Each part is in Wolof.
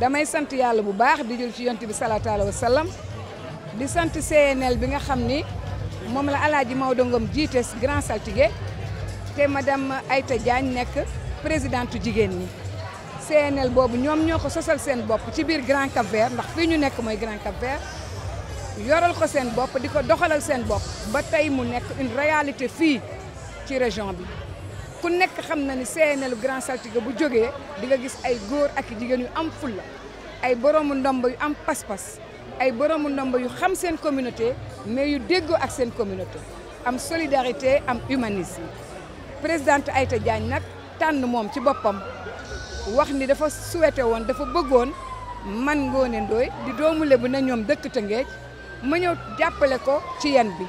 damay sante yalla bu baax di jël ci yonent bi salaatu alayhi wa sallam di sante CNL bi nga xamni mom moom la alaaji Maodo ngam jiite grand saltigué té madame ayta Diagne nek présidente jigéen ni CNL bobu ñom ñoko ko sosal seen bopp ci biir Grand Cap Vert ndax fi ñu nek moy Grand Cap Vert yoral ko sen bop diko ko doxalal seen bopp ba tay mu nek une réalité fi ci région bi ku nekk xam na ni CNL Grand Saltige bu jógee di nga gis ay góor ak jigéen yu am fulla ay boroomu ndomba yu am pas ay boroomu ndomba yu xam seen communauté mais yu déggoo ak seen communauté am solidarité am humanisme présidente Aïta Diagne nag tànn moom ci boppam wax ni dafa souhaité woon dafa bëggoon man Ngoné Ndoye di doomu bu na ñoom dëkk Tëngéej ma ñëw jàppale ko ci yen bi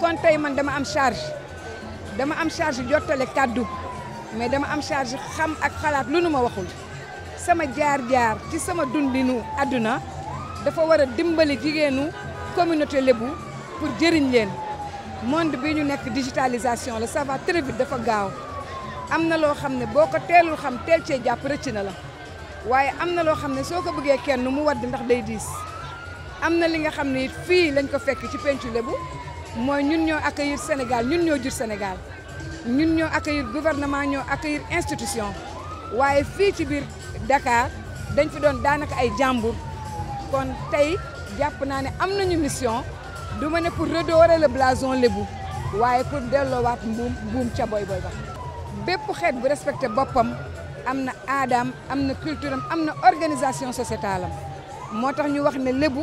kon tey man dama am charge dama am charge des cadeaux, mais dama am charge de ak xalaat lu ma waxul sama jaar-jaar ci sama dundinu suis dafa de dimbali jigéenu communauté Lebu pour jëriñ Le monde est en digitalisation la ça va très vite dafa gaaw am que loo xam ne pas xam teel cee jàpp la waaye am na loo xam ne kenn mu ndax day li nga lañ moy ñun ñoo accueillir Sénégal ñun ñoo jur Sénégal ñun ñoo accueillir gouvernement ñoo accueillir institution waaye fii ci biir Dakar dañ fi doon daanaka ay jàmbur kon tey jàpp naa ne am nañu mission du ma ne pour redorer le blason lébu waaye pour delloowaat mbuum mbuum ca boy boy ba bépp xeet bu respecté boppam am na aadaam am na culture am am na organisation sociétale am moo tax ñu wax ne lébu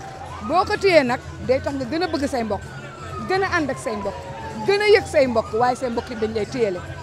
boo ko téyee nag day tax nga gën a bëgg say mbok gën a ànd ak say mbokk gën a yëg say mbok waaye say mbokk it dañ lay téyele